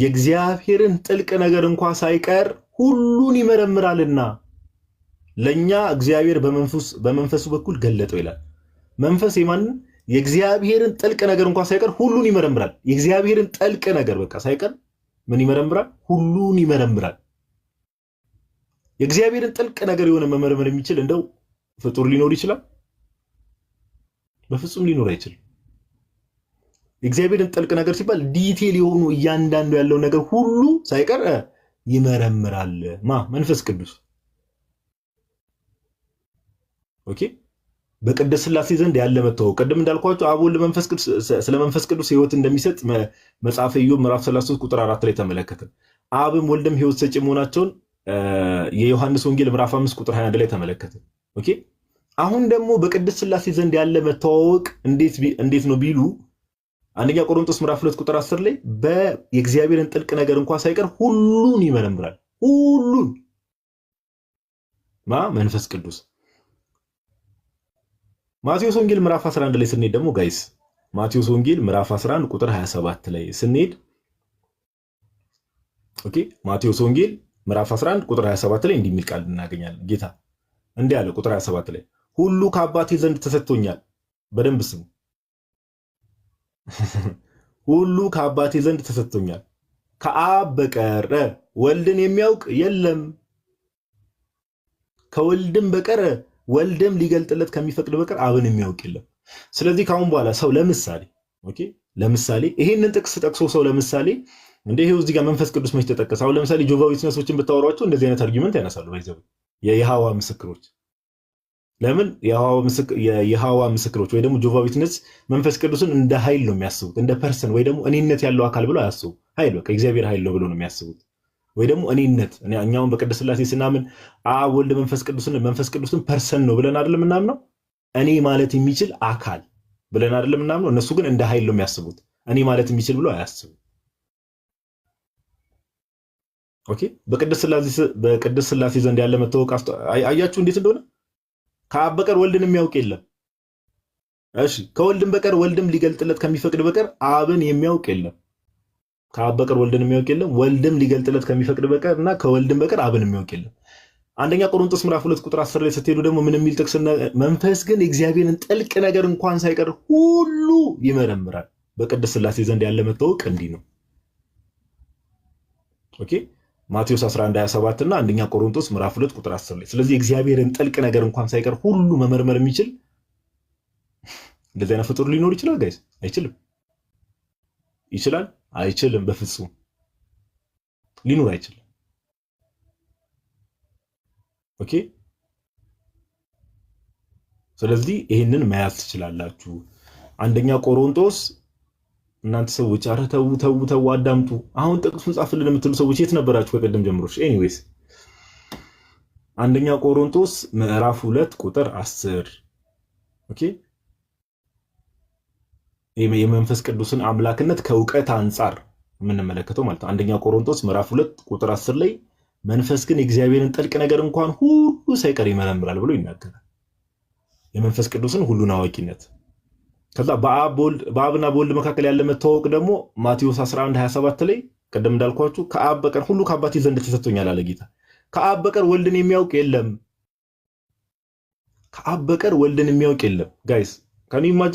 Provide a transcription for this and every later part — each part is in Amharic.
የእግዚአብሔርን ጥልቅ ነገር እንኳ ሳይቀር ሁሉን ይመረምራልና ለእኛ እግዚአብሔር በመንፈሱ በኩል ገለጠው ይላል። መንፈስ የማንን የእግዚአብሔርን ጥልቅ ነገር እንኳ ሳይቀር ሁሉን ይመረምራል። የእግዚአብሔርን ጥልቅ ነገር በቃ ሳይቀር ምን ይመረምራል? ሁሉን ይመረምራል። የእግዚአብሔርን ጥልቅ ነገር የሆነ መመርመር የሚችል እንደው ፍጡር ሊኖር ይችላል? በፍጹም ሊኖር አይችልም። እግዚአብሔርን ጥልቅ ነገር ሲባል ዲቴል የሆኑ እያንዳንዱ ያለው ነገር ሁሉ ሳይቀር ይመረምራል። ማ መንፈስ ቅዱስ ኦኬ። በቅድስት ሥላሴ ዘንድ ያለ መታወቅ ቅድም እንዳልኳቸው አብ ወልድ መንፈስ ቅዱስ ስለ መንፈስ ቅዱስ ሕይወት እንደሚሰጥ መጽሐፈ ኢዮብ ምዕራፍ 33 ቁጥር 4 ላይ ተመለከትን። አብም ወልድም ሕይወት ሰጪ መሆናቸውን የዮሐንስ ወንጌል ምዕራፍ 5 ቁጥር 21 ላይ ተመለከትን። ኦኬ አሁን ደግሞ በቅድስት ሥላሴ ዘንድ ያለ መተዋወቅ እንዴት ነው ቢሉ አንደኛ ቆሮንቶስ ምዕራፍ ሁለት ቁጥር አስር ላይ የእግዚአብሔርን ጥልቅ ነገር እንኳ ሳይቀር ሁሉን ይመረምራል። ሁሉን ማ መንፈስ ቅዱስ ማቴዎስ ወንጌል ምዕራፍ 11 ላይ ስንሄድ ደግሞ ጋይስ ማቴዎስ ወንጌል ምዕራፍ 11 ቁጥር 27 ላይ ስንሄድ ኦኬ ማቴዎስ ወንጌል ምዕራፍ 11 ቁጥር 27 ላይ እንዲህ የሚል ቃል እናገኛለን። ጌታ እንዲህ አለ ቁጥር 27 ላይ ሁሉ ከአባቴ ዘንድ ተሰጥቶኛል። በደንብ ስሙ ሁሉ ከአባቴ ዘንድ ተሰጥቶኛል። ከአብ በቀር ወልድን የሚያውቅ የለም፣ ከወልድም በቀር ወልድም ሊገልጥለት ከሚፈቅድ በቀር አብን የሚያውቅ የለም። ስለዚህ ከአሁን በኋላ ሰው ለምሳሌ ኦኬ፣ ለምሳሌ ይሄንን ጥቅስ ጠቅሶ ሰው ለምሳሌ እንደ ይሄው እዚህ ጋር መንፈስ ቅዱስ መች ተጠቀሰ? አሁን ለምሳሌ ጆቫ ዊትነሶችን ብታወሯቸው እንደዚህ አይነት አርጊመንት ያነሳሉ። ባይዘው የይሖዋ ምስክሮች ለምን የሐዋ ምስክሮች ወይ ደግሞ ጆቫ ዊትነስ መንፈስ ቅዱስን እንደ ኃይል ነው የሚያስቡት፣ እንደ ፐርሰን ወይ ደግሞ እኔነት ያለው አካል ብሎ አያስቡ። ኃይል በቃ እግዚአብሔር ኃይል ነው ብሎ ነው የሚያስቡት፣ ወይ ደግሞ እኔነት። እኛውን በቅድስት ስላሴ ስናምን አብ ወልድ መንፈስ ቅዱስን መንፈስ ቅዱስን ፐርሰን ነው ብለን አይደለም እናምነው። እኔ ማለት የሚችል አካል ብለን አይደለም እናምነው። እነሱ ግን እንደ ኃይል ነው የሚያስቡት፣ እኔ ማለት የሚችል ብሎ አያስቡ። ኦኬ፣ በቅድስት ስላሴ ዘንድ ያለ መታወቅ አያችሁ እንዴት እንደሆነ ከአብ በቀር ወልድን የሚያውቅ የለም። እሺ ከወልድም በቀር ወልድም ሊገልጥለት ከሚፈቅድ በቀር አብን የሚያውቅ የለም። ከአብ በቀር ወልድን የሚያውቅ የለም። ወልድም ሊገልጥለት ከሚፈቅድ በቀር እና ከወልድም በቀር አብን የሚያውቅ የለም። አንደኛ ቆሮንቶስ ምዕራፍ ሁለት ቁጥር አስር ላይ ስትሄዱ ደግሞ ምን የሚል ጥቅስ? መንፈስ ግን የእግዚአብሔርን ጥልቅ ነገር እንኳን ሳይቀር ሁሉ ይመረምራል። በቅድስት ስላሴ ዘንድ ያለ መታወቅ እንዲህ ነው። ኦኬ ማቴዎስ 11 27 እና አንደኛ ቆሮንቶስ ምዕራፍ 2 ቁጥር 10 ላይ። ስለዚህ እግዚአብሔርን ጥልቅ ነገር እንኳን ሳይቀር ሁሉ መመርመር የሚችል እንደዚህ አይነት ፍጡር ሊኖር ይችላል? ጋይስ አይችልም። ይችላል? አይችልም። በፍጹም ሊኖር አይችልም። ኦኬ። ስለዚህ ይህንን መያዝ ትችላላችሁ። አንደኛ ቆሮንቶስ እናንተ ሰዎች አረ ተው ተው ተው አዳምጡ። አሁን ጥቅሱን ጻፍልን የምትሉ ሰዎች የት ነበራችሁ ከቀደም ጀምሮ ኤኒዌይስ አንደኛ ቆሮንቶስ ምዕራፍ ሁለት ቁጥር አስር ኦኬ የመንፈስ ቅዱስን አምላክነት ከእውቀት አንጻር የምንመለከተው ማለት ነው። አንደኛ ቆሮንቶስ ምዕራፍ ሁለት ቁጥር አስር ላይ መንፈስ ግን የእግዚአብሔርን ጥልቅ ነገር እንኳን ሁሉ ሳይቀር ይመረምራል ብሎ ይናገራል። የመንፈስ ቅዱስን ሁሉን አዋቂነት ከዛ በአብና በወልድ መካከል ያለ መተዋወቅ ደግሞ ማቴዎስ 11 27 ላይ ቅድም እንዳልኳችሁ ከአብ በቀር ሁሉ ከአባቴ ዘንድ ተሰጥቶኛል አለ ጌታ። ከአብ በቀር ወልድን የሚያውቅ የለም። ከአብ በቀር ወልድን የሚያውቅ የለም። ጋይስ ከኑ ይማጭ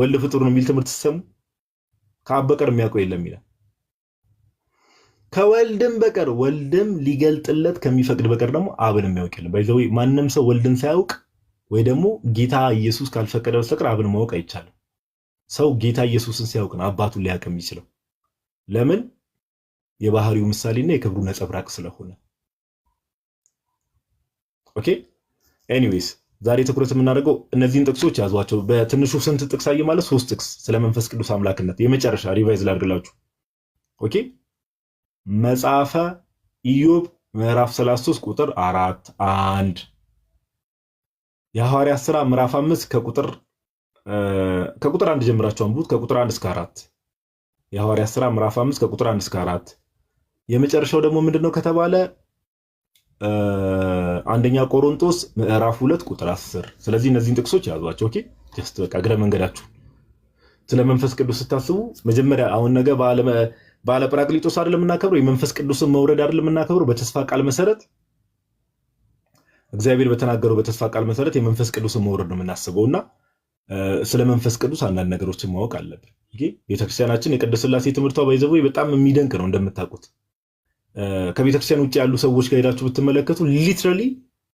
ወልድ ፍጡር ነው የሚል ትምህርት ሲሰሙ ከአብ በቀር የሚያውቀው የለም ይላል። ከወልድም በቀር ወልድም ሊገልጥለት ከሚፈቅድ በቀር ደግሞ አብን የሚያውቅ የለም። ባይዘዌ ማንም ሰው ወልድን ሳያውቅ ወይ ደግሞ ጌታ ኢየሱስ ካልፈቀደ በስተቀር አብን ማወቅ አይቻልም። ሰው ጌታ ኢየሱስን ሲያውቅ ነው አባቱን ሊያውቅ የሚችለው። ለምን? የባህሪው ምሳሌና የክብሩ ነጸብራቅ ስለሆነ። ኦኬ ኤኒዌይስ ዛሬ ትኩረት የምናደርገው እነዚህን ጥቅሶች ያዟቸው። በትንሹ ስንት ጥቅስ አየ? ማለት ሶስት ጥቅስ ስለ መንፈስ ቅዱስ አምላክነት። የመጨረሻ ሪቫይዝ ላድርግላችሁ። ኦኬ መጽሐፈ ኢዮብ ምዕራፍ 33 ቁጥር አራት አንድ የሐዋርያት ሥራ ምዕራፍ አምስት ከቁጥር አንድ ጀምራችሁ አንብቡት። ከቁጥር አንድ እስከ አራት የሐዋርያት ሥራ ምዕራፍ አምስት ከቁጥር አንድ እስከ አራት የመጨረሻው ደግሞ ምንድን ነው ከተባለ አንደኛ ቆሮንጦስ ምዕራፍ ሁለት ቁጥር አስር ስለዚህ እነዚህን ጥቅሶች ያዟቸው። ኦኬ ጀስት በቃ እግረ መንገዳችሁ ስለ መንፈስ ቅዱስ ስታስቡ መጀመሪያ አሁን ነገ በዓለ ጰራቅሊጦስ አይደለም የምናከብረው የመንፈስ ቅዱስን መውረድ አይደለም የምናከብረው በተስፋ ቃል መሰረት እግዚአብሔር በተናገረው በተስፋ ቃል መሰረት የመንፈስ ቅዱስን መውረድ ነው የምናስበው እና ስለ መንፈስ ቅዱስ አንዳንድ ነገሮችን ማወቅ አለብን። ቤተክርስቲያናችን የቅድስት ስላሴ ትምህርቷ ባይዘቡ በጣም የሚደንቅ ነው። እንደምታውቁት ከቤተክርስቲያን ውጭ ያሉ ሰዎች ከሄዳችሁ ብትመለከቱ ሊትራሊ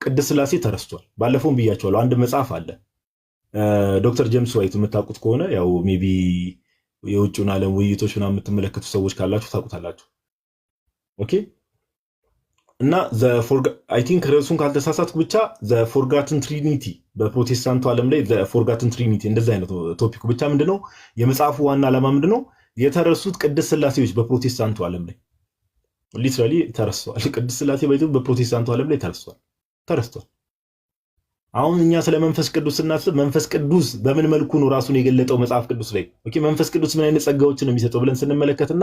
ቅድስት ስላሴ ተረስቷል። ባለፈውም ብያቸዋለሁ። አንድ መጽሐፍ አለ ዶክተር ጀምስ ዋይት የምታውቁት ከሆነ ያው ሜይ ቢ የውጭውን ዓለም ውይይቶች ምናምን የምትመለከቱ ሰዎች ካላችሁ ታውቁታላችሁ። ኦኬ እና አይ ቲንክ ርዕሱን ካልተሳሳትኩ ብቻ ዘ ፎርጋትን ትሪኒቲ በፕሮቴስታንቱ ዓለም ላይ ዘ ፎርጋትን ትሪኒቲ እንደዚህ አይነት ቶፒክ ብቻ ምንድነው የመጽሐፉ ዋና ዓላማ ምንድነው? የተረሱት ቅድስት ስላሴዎች በፕሮቴስታንቱ ዓለም ላይ ሊትራሊ ተረስተዋል። ቅድስት ስላሴ በፕሮቴስታንቱ ዓለም ላይ ተረስተዋል ተረስተዋል። አሁን እኛ ስለ መንፈስ ቅዱስ ስናስብ መንፈስ ቅዱስ በምን መልኩ ነው ራሱን የገለጠው መጽሐፍ ቅዱስ ላይ ኦኬ መንፈስ ቅዱስ ምን አይነት ጸጋዎችን ነው የሚሰጠው ብለን ስንመለከትና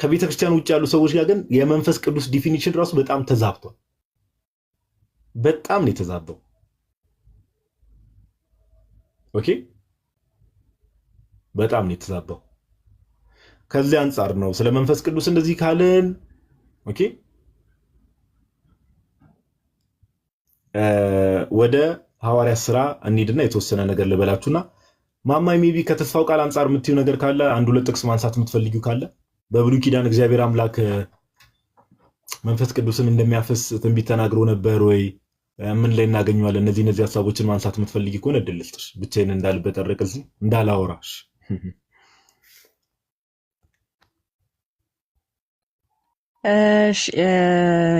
ከቤተ ክርስቲያን ውጭ ያሉ ሰዎች ጋር ግን የመንፈስ ቅዱስ ዲፊኒሽን ራሱ በጣም ተዛብቷል። በጣም ነው የተዛበው። ኦኬ፣ በጣም ነው የተዛበው። ከዚህ አንጻር ነው ስለ መንፈስ ቅዱስ እንደዚህ ካልን፣ ኦኬ፣ ወደ ሐዋርያ ስራ እንሂድና የተወሰነ ነገር ልበላችሁና ማማይ ሜቢ ከተስፋው ቃል አንጻር የምትዩ ነገር ካለ አንድ ሁለት ጥቅስ ማንሳት የምትፈልጊው ካለ በብሉይ ኪዳን እግዚአብሔር አምላክ መንፈስ ቅዱስን እንደሚያፈስ ትንቢት ተናግሮ ነበር ወይ? ምን ላይ እናገኘዋለን? እነዚህ እነዚህ ሀሳቦችን ማንሳት የምትፈልጊ ከሆነ እድል ልስጥሽ። ብቻዬን እንዳልበጠረቅ እዚህ እንዳላወራሽ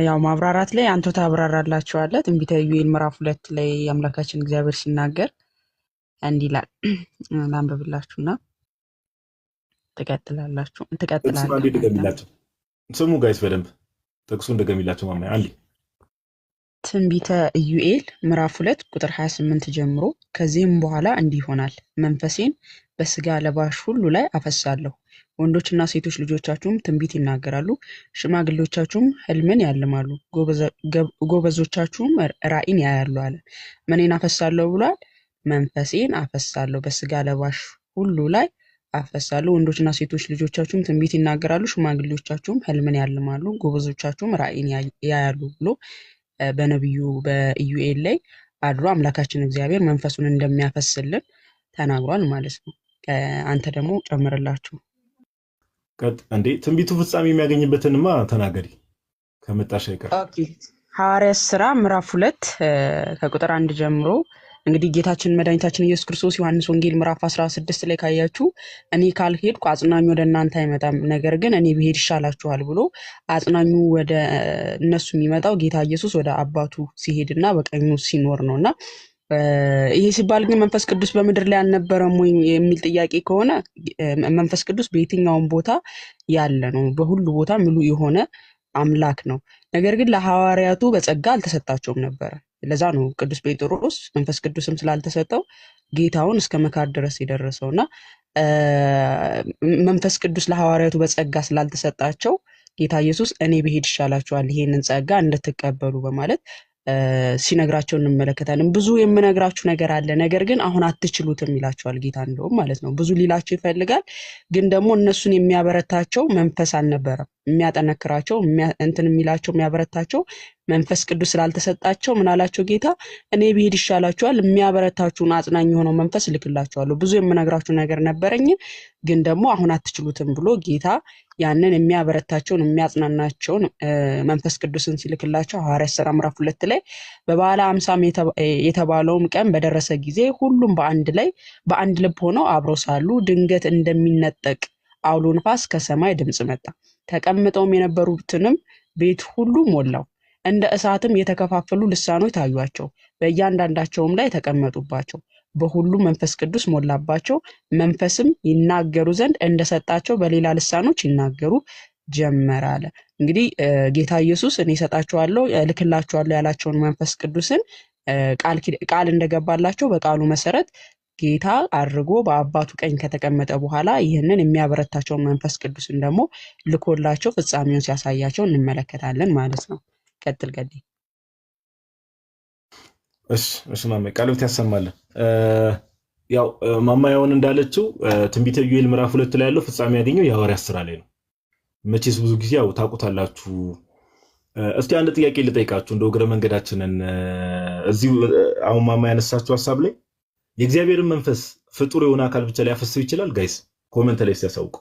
ያው ማብራራት ላይ አንቶ ታብራራላችኋለ። ትንቢተ ዩኤል ምዕራፍ ሁለት ላይ አምላካችን እግዚአብሔር ሲናገር እንዲህ ይላል፣ ላንብብላችሁና ትቀጥላላችሁ ትቀጥላላችሁ። ስሙ ጋይስ በደንብ ጥቅሱን እንደገሚላቸው ማማ አንዴ። ትንቢተ ኢዩኤል ምዕራፍ ሁለት ቁጥር 28 ጀምሮ ከዚህም በኋላ እንዲህ ይሆናል፣ መንፈሴን በስጋ ለባሽ ሁሉ ላይ አፈሳለሁ። ወንዶችና ሴቶች ልጆቻችሁም ትንቢት ይናገራሉ፣ ሽማግሌዎቻችሁም ህልምን ያልማሉ፣ ጎበዞቻችሁም ራእይን ያያሉ አለ። ምኔን አፈሳለሁ ብሏል? መንፈሴን አፈሳለሁ በስጋ ለባሽ ሁሉ ላይ አፈሳሉ። ወንዶችና ሴቶች ልጆቻችሁም ትንቢት ይናገራሉ፣ ሽማግሌዎቻችሁም ህልምን ያልማሉ፣ ጎበዞቻችሁም ራእይን ያያሉ ብሎ በነቢዩ በኢዩኤል ላይ አድሮ አምላካችን እግዚአብሔር መንፈሱን እንደሚያፈስልን ተናግሯል ማለት ነው። አንተ ደግሞ ጨምርላችሁ እንዴ ትንቢቱ ፍጻሜ የሚያገኝበትንማ ተናገሪ ከመጣሽ አይቀር ሐዋርያ ስራ ምዕራፍ ሁለት ከቁጥር አንድ ጀምሮ እንግዲህ ጌታችን መድኃኒታችን ኢየሱስ ክርስቶስ ዮሐንስ ወንጌል ምዕራፍ 16 ላይ ካያችሁ እኔ ካልሄድኩ አጽናኙ ወደ እናንተ አይመጣም፣ ነገር ግን እኔ ብሄድ ይሻላችኋል ብሎ አጽናኙ ወደ እነሱ የሚመጣው ጌታ ኢየሱስ ወደ አባቱ ሲሄድና በቀኙ ሲኖር ነው እና ይሄ ሲባል ግን መንፈስ ቅዱስ በምድር ላይ አልነበረም ወይ የሚል ጥያቄ ከሆነ መንፈስ ቅዱስ በየትኛውም ቦታ ያለ ነው። በሁሉ ቦታ ምሉ የሆነ አምላክ ነው። ነገር ግን ለሐዋርያቱ በጸጋ አልተሰጣቸውም ነበረ። ለዛ ነው ቅዱስ ጴጥሮስ መንፈስ ቅዱስም ስላልተሰጠው ጌታውን እስከ መካድ ድረስ የደረሰው እና መንፈስ ቅዱስ ለሐዋርያቱ በጸጋ ስላልተሰጣቸው ጌታ ኢየሱስ እኔ ብሄድ ይሻላችኋል ይሄንን ጸጋ እንድትቀበሉ በማለት ሲነግራቸው እንመለከታለን። ብዙ የምነግራችሁ ነገር አለ፣ ነገር ግን አሁን አትችሉትም ይላቸዋል ጌታ። እንደውም ማለት ነው ብዙ ሊላቸው ይፈልጋል፣ ግን ደግሞ እነሱን የሚያበረታቸው መንፈስ አልነበረም። የሚያጠነክራቸው እንትን የሚላቸው የሚያበረታቸው መንፈስ ቅዱስ ስላልተሰጣቸው ምናላቸው ጌታ እኔ ብሄድ ይሻላችኋል የሚያበረታችሁን አጽናኝ የሆነው መንፈስ ልክላችኋለሁ ብዙ የምነግራችሁ ነገር ነበረኝ ግን ደግሞ አሁን አትችሉትም ብሎ ጌታ ያንን የሚያበረታቸውን የሚያጽናናቸውን መንፈስ ቅዱስን ሲልክላቸው ሐዋርያት ሥራ ምዕራፍ ሁለት ላይ በበዓለ ሃምሳም የተባለውም ቀን በደረሰ ጊዜ ሁሉም በአንድ ላይ በአንድ ልብ ሆነው አብረው ሳሉ ድንገት እንደሚነጠቅ አውሎ ንፋስ ከሰማይ ድምፅ መጣ። ተቀምጠውም የነበሩትንም ቤት ሁሉ ሞላው። እንደ እሳትም የተከፋፈሉ ልሳኖች ታዩአቸው፣ በእያንዳንዳቸውም ላይ ተቀመጡባቸው። በሁሉም መንፈስ ቅዱስ ሞላባቸው፣ መንፈስም ይናገሩ ዘንድ እንደሰጣቸው በሌላ ልሳኖች ይናገሩ ጀመር አለ። እንግዲህ ጌታ ኢየሱስ እኔ እሰጣችኋለሁ እልክላችኋለሁ ያላቸውን መንፈስ ቅዱስን ቃል እንደገባላቸው በቃሉ መሰረት ጌታ አድርጎ በአባቱ ቀኝ ከተቀመጠ በኋላ ይህንን የሚያበረታቸውን መንፈስ ቅዱስን ደግሞ ልኮላቸው ፍጻሜውን ሲያሳያቸው እንመለከታለን ማለት ነው። ቀጥል ገዴ። እሺ፣ እሺ ማማ ቃልዎት ያሰማልን። ያው ማማ ያውን እንዳለችው ትንቢተ ኢዩኤል ምዕራፍ ሁለት ላይ ያለው ፍጻሜ ያገኘው የሐዋርያት ስራ ላይ ነው። መቼስ ብዙ ጊዜ ያው ታውቁታላችሁ። እስቲ አንድ ጥያቄ ልጠይቃችሁ እንደ እግረ መንገዳችንን እዚሁ አሁን ማማ ያነሳችሁ ሀሳብ ላይ የእግዚአብሔርን መንፈስ ፍጡር የሆነ አካል ብቻ ሊያፈስብ ይችላል? ጋይስ ኮመንት ላይ ሲያሳውቁ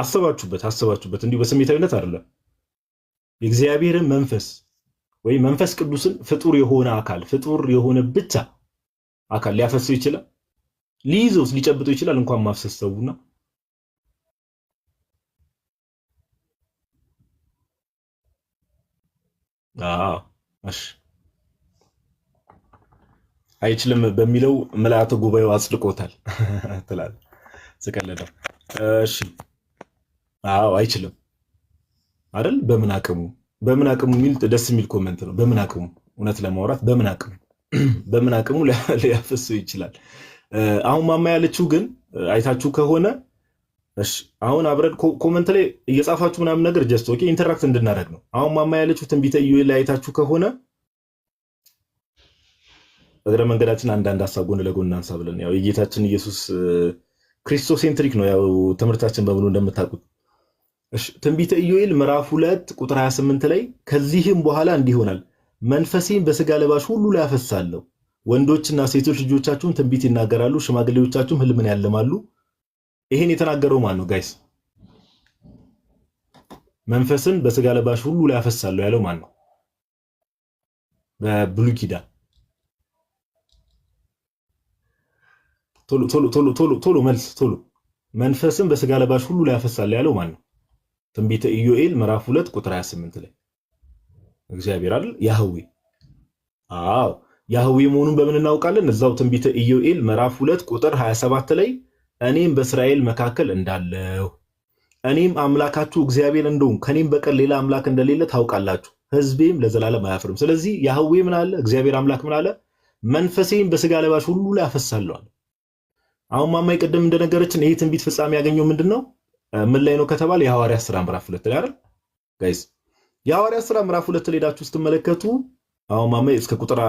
አስባችሁበት አስባችሁበት። እንዲሁ በስሜታዊነት አይደለም። የእግዚአብሔርን መንፈስ ወይም መንፈስ ቅዱስን ፍጡር የሆነ አካል ፍጡር የሆነ ብቻ አካል ሊያፈስብ ይችላል? ሊይዘውስ ሊጨብጠው ይችላል? እንኳን ማፍሰስ ሰውና እሺ አይችልም በሚለው ምልአተ ጉባኤው አጽድቆታል ትላል። ስቀለደው እሺ፣ አዎ አይችልም አይደል? በምን አቅሙ በምን አቅሙ የሚል ደስ የሚል ኮመንት ነው። በምን አቅሙ እውነት ለማውራት በምን አቅሙ በምን አቅሙ ሊያፈሱ ይችላል። አሁን ማማ ያለችው ግን አይታችሁ ከሆነ እሺ፣ አሁን አብረን ኮመንት ላይ እየጻፋችሁ ምናምን ነገር ጀስት ኦኬ ኢንተራክት እንድናደርግ ነው። አሁን ማማ ያለችው ትንቢተ ኢዩኤል ላይ አይታችሁ ከሆነ እግረ መንገዳችን አንዳንድ ሀሳብ ጎን ለጎን እናንሳ ብለን ያው የጌታችን ኢየሱስ ሴንትሪክ ነው ያው ትምህርታችን በሙሉ እንደምታውቁት። ትንቢተ ኢዮኤል ምዕራፍ ሁለት ቁጥር 28 ላይ ከዚህም በኋላ እንዲህ ይሆናል፣ መንፈሴን በስጋ ለባሽ ሁሉ ላይ አፈሳለሁ፣ ወንዶችና ሴቶች ልጆቻችሁን ትንቢት ይናገራሉ፣ ሽማግሌዎቻችሁም ህልምን ያልማሉ። ይሄን የተናገረው ማን ነው ጋይስ? መንፈስን በስጋ ለባሽ ሁሉ ላይ አፈሳለሁ ያለው ማን ነው? በብሉይ ኪዳን ቶሎ ቶሎ ቶሎ ቶሎ ቶሎ መልስ ቶሎ መንፈስም በስጋ ለባሽ ሁሉ ላይ ያፈሳል ያለው ማን ነው? ትንቢተ ኢዮኤል ምዕራፍ 2 ቁጥር 28 ላይ እግዚአብሔር አይደል ያህዌ። አዎ ያህዌ መሆኑን በምን እናውቃለን? እዛው ትንቢተ ኢዮኤል ምዕራፍ 2 ቁጥር 27 ላይ እኔም በእስራኤል መካከል እንዳለው እኔም አምላካችሁ እግዚአብሔር እንደውም ከኔም በቀር ሌላ አምላክ እንደሌለ ታውቃላችሁ፣ ህዝቤም ለዘላለም አያፍርም። ስለዚህ ያህዌ ምን አለ? እግዚአብሔር አምላክ ምን አለ? መንፈሴም በስጋ ለባሽ ሁሉ ላይ አፈሳለዋል አሁን ማማይ ቅድም እንደነገረችን ይህ ትንቢት ፍጻሜ ያገኘው ምንድን ነው? ምን ላይ ነው ከተባለ የሐዋርያ ስራ ምዕራፍ ሁለት ላይ አይደል ጋይስ? የሐዋርያ ስራ ምዕራፍ ሁለት ላይ ሄዳችሁ ስትመለከቱ አሁን ማማይ እስከ ቁጥር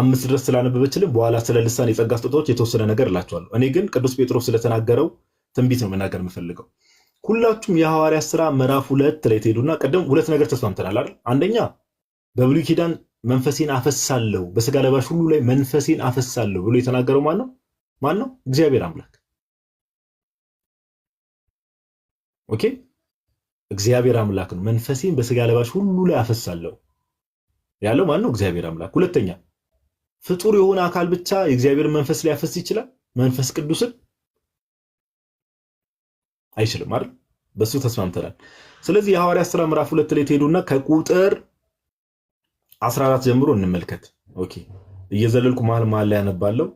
አምስት ድረስ ስላነበበችልን በኋላ ስለ ልሳን የጸጋ ስጦታዎች የተወሰነ ነገር እላቸዋለሁ። እኔ ግን ቅዱስ ጴጥሮስ ስለተናገረው ትንቢት ነው መናገር የምፈልገው። ሁላችሁም የሐዋርያ ስራ ምዕራፍ ሁለት ላይ ትሄዱና ቅድም ሁለት ነገር ተስማምተናል አይደል? አንደኛ በብሉይ ኪዳን መንፈሴን አፈሳለሁ በስጋ ለባሽ ሁሉ ላይ መንፈሴን አፈሳለሁ ብሎ የተናገረው ማን ነው? ማን ነው? እግዚአብሔር አምላክ። ኦኬ እግዚአብሔር አምላክ ነው። መንፈሴን በስጋ ለባሽ ሁሉ ላይ አፈሳለሁ ያለው ማን ነው? እግዚአብሔር አምላክ። ሁለተኛ ፍጡር የሆነ አካል ብቻ የእግዚአብሔርን መንፈስ ሊያፈስ ይችላል? መንፈስ ቅዱስን አይችልም አይደል? በሱ ተስማምተናል። ስለዚህ የሐዋርያት ሥራ ምዕራፍ ሁለት ላይ ትሄዱና ከቁጥር 14 ጀምሮ እንመልከት። ኦኬ እየዘለልኩ መሀል መሀል ላይ ያነባለሁ።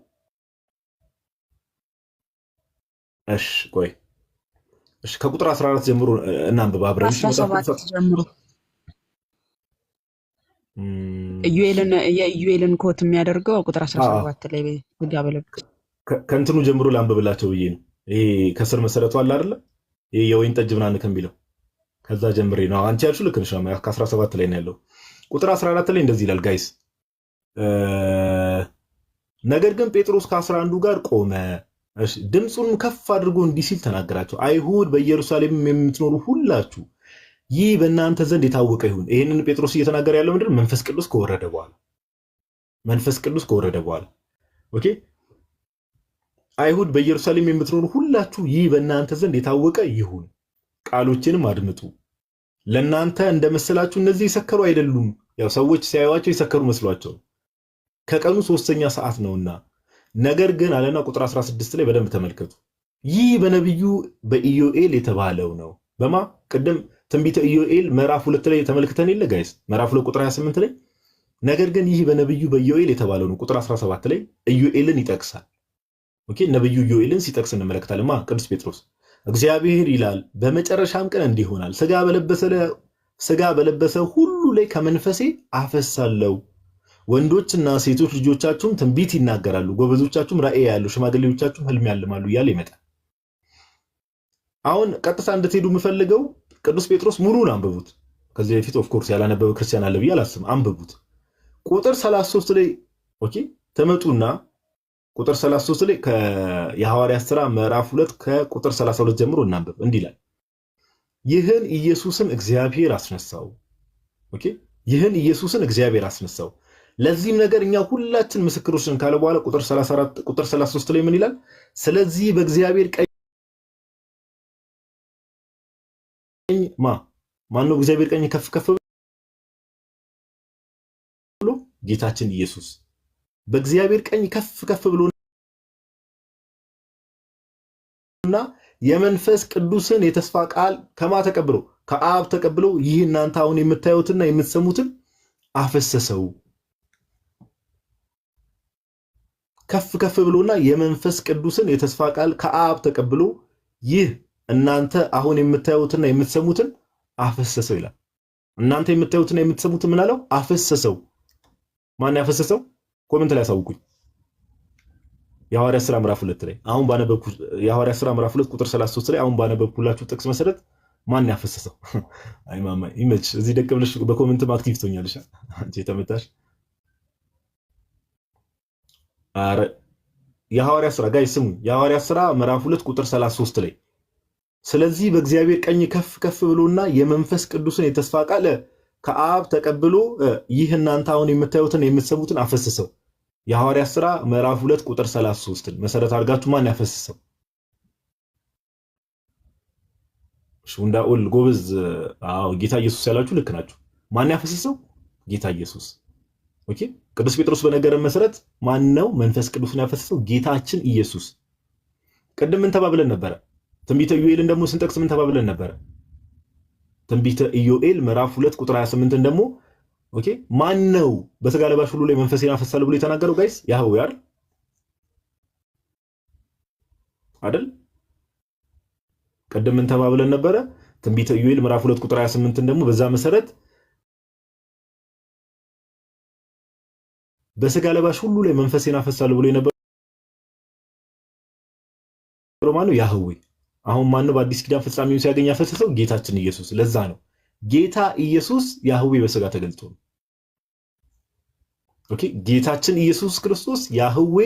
እሺ ቆይ እሺ ከቁጥር 14 ጀምሮ እናንብብ አብረን። ኢዩኤልን ኮት የሚያደርገው ቁጥር 17 ላይ ጋበለብ ከእንትኑ ጀምሮ ላንብብላቸው ብዬ ነው። ይሄ ከስር መሰረቱ አለ አይደለ? ይሄ የወይን ጠጅ ምናምን ከሚለው ከዛ ጀምሬ ነው። አንቺ ያልሽው ልክ ነሽ። ከ17 ላይ ነው ያለው። ቁጥር 14 ላይ እንደዚህ ይላል ጋይስ ነገር ግን ጴጥሮስ ከ11 ጋር ቆመ ድምፁንም ከፍ አድርጎ እንዲህ ሲል ተናገራቸው። አይሁድ በኢየሩሳሌም የምትኖሩ ሁላችሁ ይህ በእናንተ ዘንድ የታወቀ ይሁን። ይህንን ጴጥሮስ እየተናገረ ያለው ምንድን መንፈስ ቅዱስ ከወረደ በኋላ መንፈስ ቅዱስ ከወረደ በኋላ ኦኬ አይሁድ በኢየሩሳሌም የምትኖሩ ሁላችሁ ይህ በእናንተ ዘንድ የታወቀ ይሁን፣ ቃሎችንም አድምጡ። ለእናንተ እንደመሰላችሁ እነዚህ የሰከሩ አይደሉም። ያው ሰዎች ሲያዩቸው የሰከሩ መስሏቸው ከቀኑ ሶስተኛ ሰዓት ነውና ነገር ግን አለና ቁጥር 16 ላይ በደንብ ተመልከቱ። ይህ በነቢዩ በኢዮኤል የተባለው ነው። በማ ቅድም ትንቢተ ኢዮኤል ምዕራፍ ሁለት ላይ ተመልክተን የለ ጋይስ፣ ምዕራፍ ሁለት ቁጥር 28 ላይ ነገር ግን ይህ በነቢዩ በኢዮኤል የተባለው ነው። ቁጥር 17 ላይ ኢዮኤልን ይጠቅሳል። ኦኬ ነቢዩ ኢዮኤልን ሲጠቅስ እንመለከታለን። ማ ቅዱስ ጴጥሮስ እግዚአብሔር ይላል በመጨረሻም ቀን እንዲሆናል ስጋ በለበሰ ሁሉ ላይ ከመንፈሴ አፈሳለው ወንዶችና ሴቶች ልጆቻችሁም ትንቢት ይናገራሉ፣ ጎበዞቻችሁም ራእይ ያሉ፣ ሽማግሌዎቻችሁም ህልም ያልማሉ እያለ ይመጣል። አሁን ቀጥታ እንድትሄዱ የምፈልገው ቅዱስ ጴጥሮስ ሙሉን አንብቡት። ከዚህ በፊት ኦፍኮርስ ያላነበበ ክርስቲያን አለ ብዬ አላስብም። አንብቡት። ቁጥር 33 ላይ ኦኬ ተመጡና ቁጥር 33 ላይ የሐዋርያት ሥራ ምዕራፍ 2 ከቁጥር 32 ጀምሮ እናንብብ። እንዲህ ይላል ይህን ኢየሱስን እግዚአብሔር አስነሳው። ኦኬ ይህን ኢየሱስን እግዚአብሔር አስነሳው ለዚህም ነገር እኛ ሁላችን ምስክሮች ነን ካለ በኋላ ቁጥር 34 ቁጥር 33 ላይ ምን ይላል? ስለዚህ በእግዚአብሔር ቀኝ ማ ማን ነው? እግዚአብሔር ቀኝ ከፍ ከፍ ብሎ ጌታችን ኢየሱስ በእግዚአብሔር ቀኝ ከፍ ከፍ ብሎ እና የመንፈስ ቅዱስን የተስፋ ቃል ከማ ተቀብሎ ከአብ ተቀብሎ ይህ እናንተ አሁን የምታዩትና የምትሰሙትን አፈሰሰው። ከፍ ከፍ ብሎና የመንፈስ ቅዱስን የተስፋ ቃል ከአብ ተቀብሎ ይህ እናንተ አሁን የምታዩትና የምትሰሙትን አፈሰሰው ይላል። እናንተ የምታዩትና የምትሰሙትን ምን አለው? አፈሰሰው። ማን ያፈሰሰው? ኮሜንት ላይ አሳውቁኝ። የሐዋርያት ሥራ ምዕራፍ 2 ላይ አሁን ባነበብኩ የሐዋርያት ሥራ ምዕራፍ 2 ቁጥር 33 ላይ አሁን ባነበብኩላችሁ ጥቅስ መሰረት ማን ያፈሰሰው? አይ ማማ ይመች። እዚህ ደቀ ብለሽ በኮመንትም አክቲቭ ትሆኛለሽ አንቺ ተመታሽ። የሐዋርያ ስራ ጋይ ስሙ የሐዋርያ ስራ ምዕራፍ 2 ቁጥር 33 ላይ ስለዚህ በእግዚአብሔር ቀኝ ከፍ ከፍ ብሎና የመንፈስ ቅዱስን የተስፋ ቃል ከአብ ተቀብሎ ይህ እናንተ አሁን የምታዩትን የምትሰሙትን አፈስሰው። የሐዋርያ ስራ ምዕራፍ 2 ቁጥር 33 መሰረት አድርጋችሁ ማን ያፈስሰው? ሹንዳ ኦል ጎበዝ። አዎ ጌታ ኢየሱስ ያላችሁ ልክ ናችሁ። ማን ያፈስሰው? ጌታ ኢየሱስ። ኦኬ ቅዱስ ጴጥሮስ በነገረን መሰረት ማን ነው መንፈስ ቅዱስን ያፈሰሰው? ጌታችን ኢየሱስ። ቅድም ምን ተባብለን ነበረ? ትንቢተ ኢዮኤልን ደግሞ ስንጠቅስ ምን ተባብለን ነበረ? ትንቢተ ኢዮኤል ምዕራፍ ሁለት ቁጥር 28ን ደግሞ ኦኬ፣ ማን ነው በስጋ ለባሽ ሁሉ ላይ መንፈሴን አፈሳለሁ ብሎ የተናገረው? ጋይስ ያህዌ አይደል አይደል? ቅድም ምን ተባብለን ነበረ? ትንቢተ ኢዮኤል ምዕራፍ ሁለት ቁጥር 28ን ደግሞ በዛ መሰረት በስጋ ለባሽ ሁሉ ላይ መንፈሴን አፈሳለሁ ብሎ የነበረው ማነው? ያህዌ። አሁን ማነው በአዲስ ኪዳን ፍጻሜውን ሲያገኝ ያፈሰሰው? ጌታችን ኢየሱስ። ለዛ ነው ጌታ ኢየሱስ ያህዌ በስጋ ተገልጦ ነው። ኦኬ፣ ጌታችን ኢየሱስ ክርስቶስ ያህዌ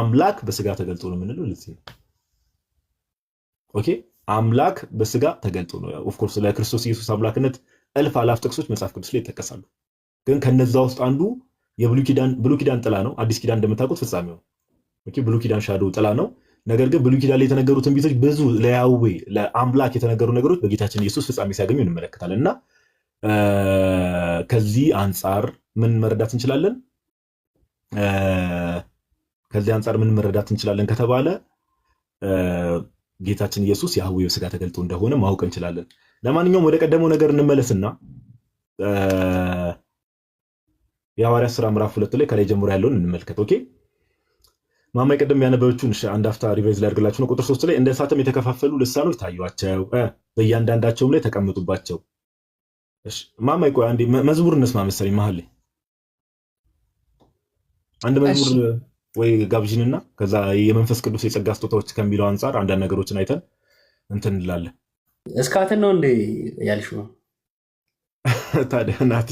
አምላክ በስጋ ተገልጦ ነው የምንለው ለዚህ ነው። ኦኬ፣ አምላክ በስጋ ተገልጦ ነው። ኦፍኮርስ ለክርስቶስ ኢየሱስ አምላክነት እልፍ አላፍ ጥቅሶች መጽሐፍ ቅዱስ ላይ ይጠቀሳሉ። ግን ከነዛ ውስጥ አንዱ የብሉ ኪዳን ጥላ ነው። አዲስ ኪዳን እንደምታውቁት ፍጻሜው ነው። ብሉ ኪዳን ሻዶ ጥላ ነው። ነገር ግን ብሉ ኪዳን ላይ የተነገሩ ትንቢቶች ብዙ ለያዌ ለአምላክ የተነገሩ ነገሮች በጌታችን ኢየሱስ ፍጻሜ ሲያገኙ እንመለከታለን። እና ከዚህ አንጻር ምን መረዳት እንችላለን? ከዚህ አንጻር ምን መረዳት እንችላለን ከተባለ ጌታችን ኢየሱስ የአህዌው ስጋ ተገልጦ እንደሆነ ማወቅ እንችላለን። ለማንኛውም ወደ ቀደመው ነገር እንመለስና የሐዋርያ ስራ ምዕራፍ ሁለት ላይ ከላይ ጀምሮ ያለውን እንመልከት። ኦኬ ማማይ ቀደም ያነበበችውን አንድ አፍታ ሪቫይዝ ላይ አድርግላችሁ ነው። ቁጥር ሶስት ላይ እንደ እሳትም የተከፋፈሉ ልሳኖች ታዩቸው፣ በእያንዳንዳቸውም ላይ ተቀምጡባቸው። ማማይ ቆይ አንዴ መዝሙር እንስማ መሰለኝ መሀል ላይ አንድ መዝሙር ወይ ጋብዥንና ከዛ የመንፈስ ቅዱስ የጸጋ ስጦታዎች ከሚለው አንጻር አንዳንድ ነገሮችን አይተን እንትን እንላለን። እስካትን ነው እንዴ ያልሽው? ታዲያ ናቲ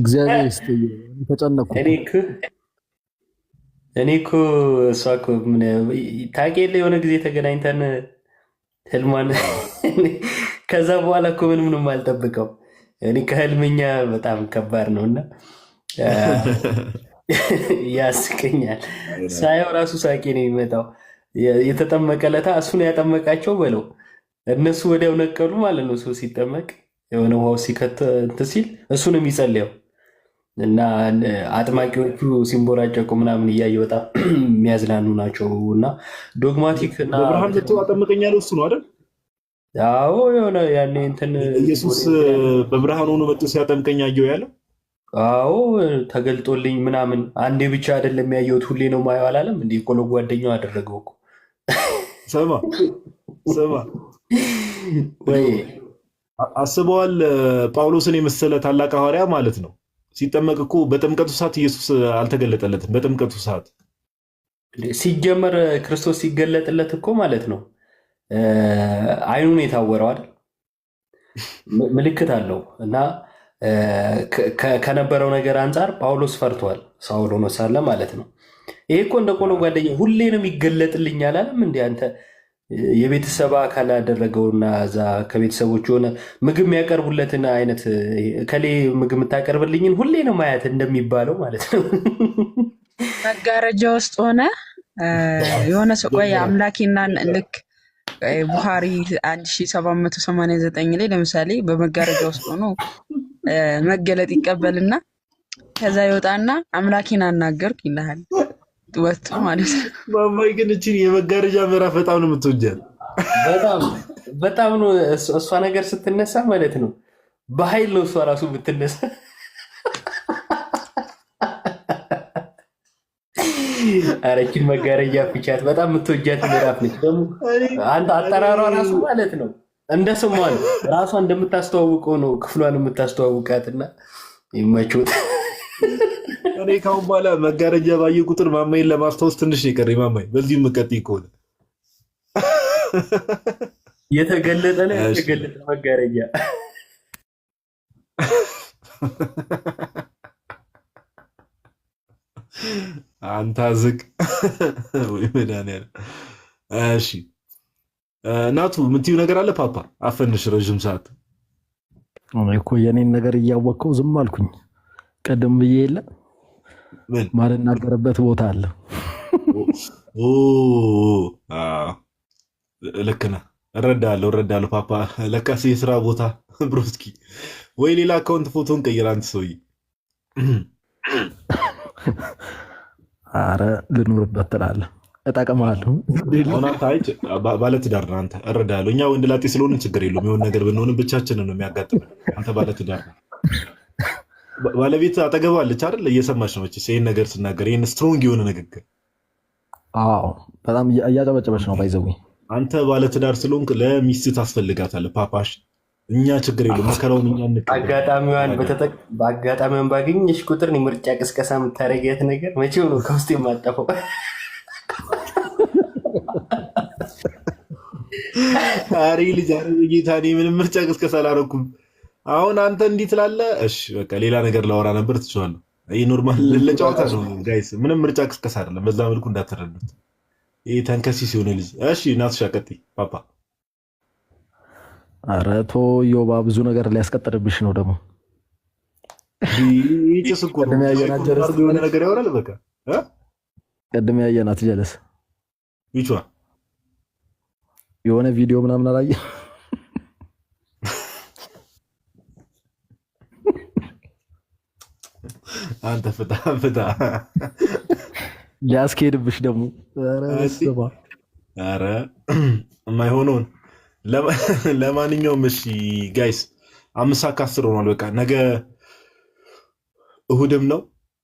እግዚአብሔር ይስጥህ። ተጨነኩ እኔ እኮ እሷ እኮ ታውቂ የለ የሆነ ጊዜ ተገናኝተን ህልሟን ከዛ በኋላ እኮ ምን ምንም አልጠብቀው እኔ ከህልምኛ በጣም ከባድ ነው እና ያስቀኛል። ሳየው ራሱ ሳቄ ነው የሚመጣው። የተጠመቀ ለታ እሱን ያጠመቃቸው በለው እነሱ ወዲያው ነቀሉ ማለት ነው ሰው ሲጠመቅ የሆነ ውሃው ሲከት ሲል እሱ ነው የሚጸልየው እና አጥማቂዎቹ ሲንቦራጨቁ ምናምን እያየ በጣም የሚያዝናኑ ናቸው። እና ዶግማቲክ እና ብርሃን መጥቶ አጠምቀኝ እሱ ነው አይደል? አዎ የሆነ ያኔ እንትን ኢየሱስ በብርሃን ሆኖ መጥቶ ሲያጠምቀኝ አየው ያለው። አዎ ተገልጦልኝ ምናምን አንዴ ብቻ አይደለም ያየሁት ሁሌ ነው ማየው አላለም። እንዲ ቆሎ ጓደኛው አደረገው እኮ ሰማ ወይ አስበዋል። ጳውሎስን የመሰለ ታላቅ ሐዋርያ ማለት ነው። ሲጠመቅ እኮ በጥምቀቱ ሰዓት ኢየሱስ አልተገለጠለትም። በጥምቀቱ ሰዓት ሲጀመር ክርስቶስ ሲገለጥለት እኮ ማለት ነው አይኑን የታወረው አይደል? ምልክት አለው እና ከነበረው ነገር አንጻር ጳውሎስ ፈርቷል። ሳውል ሆኖ ሳለ ማለት ነው። ይሄ እኮ እንደ ቆሎ ጓደኛ ሁሌንም ይገለጥልኛል አለም እንደ አንተ የቤተሰብ አካል ያደረገውና እዛ ከቤተሰቦች የሆነ ምግብ የሚያቀርቡለትን አይነት ከሌ ምግብ የምታቀርብልኝን ሁሌ ነው ማየት እንደሚባለው ማለት ነው። መጋረጃ ውስጥ ሆነ የሆነ ሰቆይ አምላኪና ልክ ቡሃሪ 1789 ላይ ለምሳሌ በመጋረጃ ውስጥ ሆኖ መገለጥ ይቀበልና ከዛ ይወጣና አምላኪን አናገርኩ ይልሃል። ወጥቶ ማለት ነው። ማማይ ግን እችን የመጋረጃ ምዕራፍ በጣም ነው የምትወጃል። በጣም በጣም ነው እሷ ነገር ስትነሳ ማለት ነው። በኃይል ነው እሷ ራሱ የምትነሳ። አረችን መጋረጃ ፍቻት። በጣም የምትወጃት ምዕራፍ ነች። ደግሞ አንተ አጠራሯ ራሱ ማለት ነው እንደ ስሟ ራሷ እንደምታስተዋውቀው ነው ክፍሏን የምታስተዋውቃትና ይመችት እኔ ካሁን በኋላ መጋረጃ ባየ ቁጥር ማማይን ለማስታወስ ትንሽ የቀረ ማማይ በዚህ የምቀጥይ ከሆነ የተገለጠ ነው የተገለጠ መጋረጃ አንታ ዝቅ ወይ መድኃኒዓለም። እሺ እናቱ የምትዩ ነገር አለ ፓፓ አፈንሽ ረዥም ሰዓት እኮ የኔን ነገር እያወቅከው ዝም አልኩኝ። ቀደም ብዬ የለ ማልናገርበት ቦታ አለ። ልክ ነህ። እረዳለሁ እረዳለሁ። ፓፓ ለካሴ የስራ ቦታ ብሮስኪ፣ ወይ ሌላ አካውንት ፎቶን ቀይር። አንተ ሰውዬ፣ አረ ልኑርበት ትላለህ። እጠቅምሃለሁ። ባለትዳር ነህ አንተ። እረዳለሁ። እኛ ወንድ ላጤ ስለሆንን ችግር የለውም። የሆን ነገር ብንሆንም ብቻችንን ነው የሚያጋጥመን። አንተ ባለትዳር ነህ። ባለቤት አጠገባለች አይደል? እየሰማች ነው መቼስ ይህን ነገር ስናገር፣ ይህን ስትሮንግ የሆነ ንግግር። አዎ በጣም እያጨበጨበች ነው። ባይዘዊ አንተ ባለትዳር ስለሆንክ ለሚስት ታስፈልጋታለህ። ፓፓሽ እኛ ችግር የለውም መከራውን እኛ በአጋጣሚዋን ባገኘሽ ቁጥር ምርጫ ቅስቀሳ የምታደርጊያት ነገር መቼው ነው ከውስጥ የማጠፈው። አሬ ልጅ አረ ጌታ፣ እኔ ምንም ምርጫ ቅስቀሳ አላረኩም። አሁን አንተ እንዲህ ትላለህ። እሺ በቃ ሌላ ነገር ላወራ ነበር ትችላለህ። ይህ ኖርማል ለጨዋታ ነው ጋይስ፣ ምንም ምርጫ ቅስቀሳ አይደለም። በዛ መልኩ እንዳትረዱት። ይህ ተንከሲ ሲሆን ልጅ እሺ፣ እናትሻ ቀጥይ ፓፓ። ኧረ ተው ዮባ፣ ብዙ ነገር ሊያስቀጥርብሽ ነው ደግሞ ጭስ እኮ የሆነ ነገር ያወራል። በቃ ቅድም ያየናት ጀለስ ይቿ የሆነ ቪዲዮ ምናምን አላየህ አንተ ፍታ ፍታ ሊያስኬድብሽ ደግሞ ኧረ የማይሆነውን ለማንኛውም እሺ ጋይስ አምስት ሰዓት ከአስር ሆኗል በቃ ነገ እሁድም ነው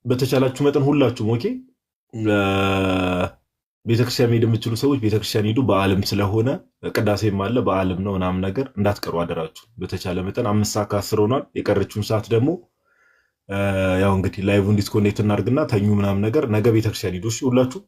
በተቻላችሁ መጠን ሁላችሁም ኦኬ ቤተክርስቲያን ሄድ የምችሉ ሰዎች ቤተክርስቲያን ሄዱ በአለም ስለሆነ ቅዳሴም አለ በአለም ነው ምናምን ነገር እንዳትቀሩ አደራችሁ በተቻለ መጠን አምስት ሰዓት ከአስር ሆኗል የቀረችውን ሰዓት ደግሞ ያው እንግዲህ ላይቭን ዲስኮኔክት እናድርግና ተኙ ምናምን ነገር ነገ ቤተክርስቲያን ሂዶ ሁላችሁ